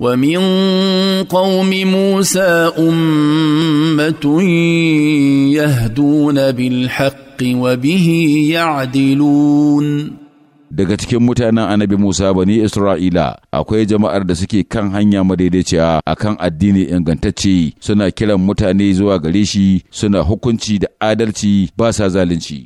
ومن قوم موسى امه يهدون بالحق وبه يعدلون daga cikin mutanen annabi Musa bani Isra'ila akwai jama'ar da suke kan hanya madaidaiciya a kan addini ingantacce suna kiran mutane zuwa gare shi suna hukunci da adalci ba sa zalunci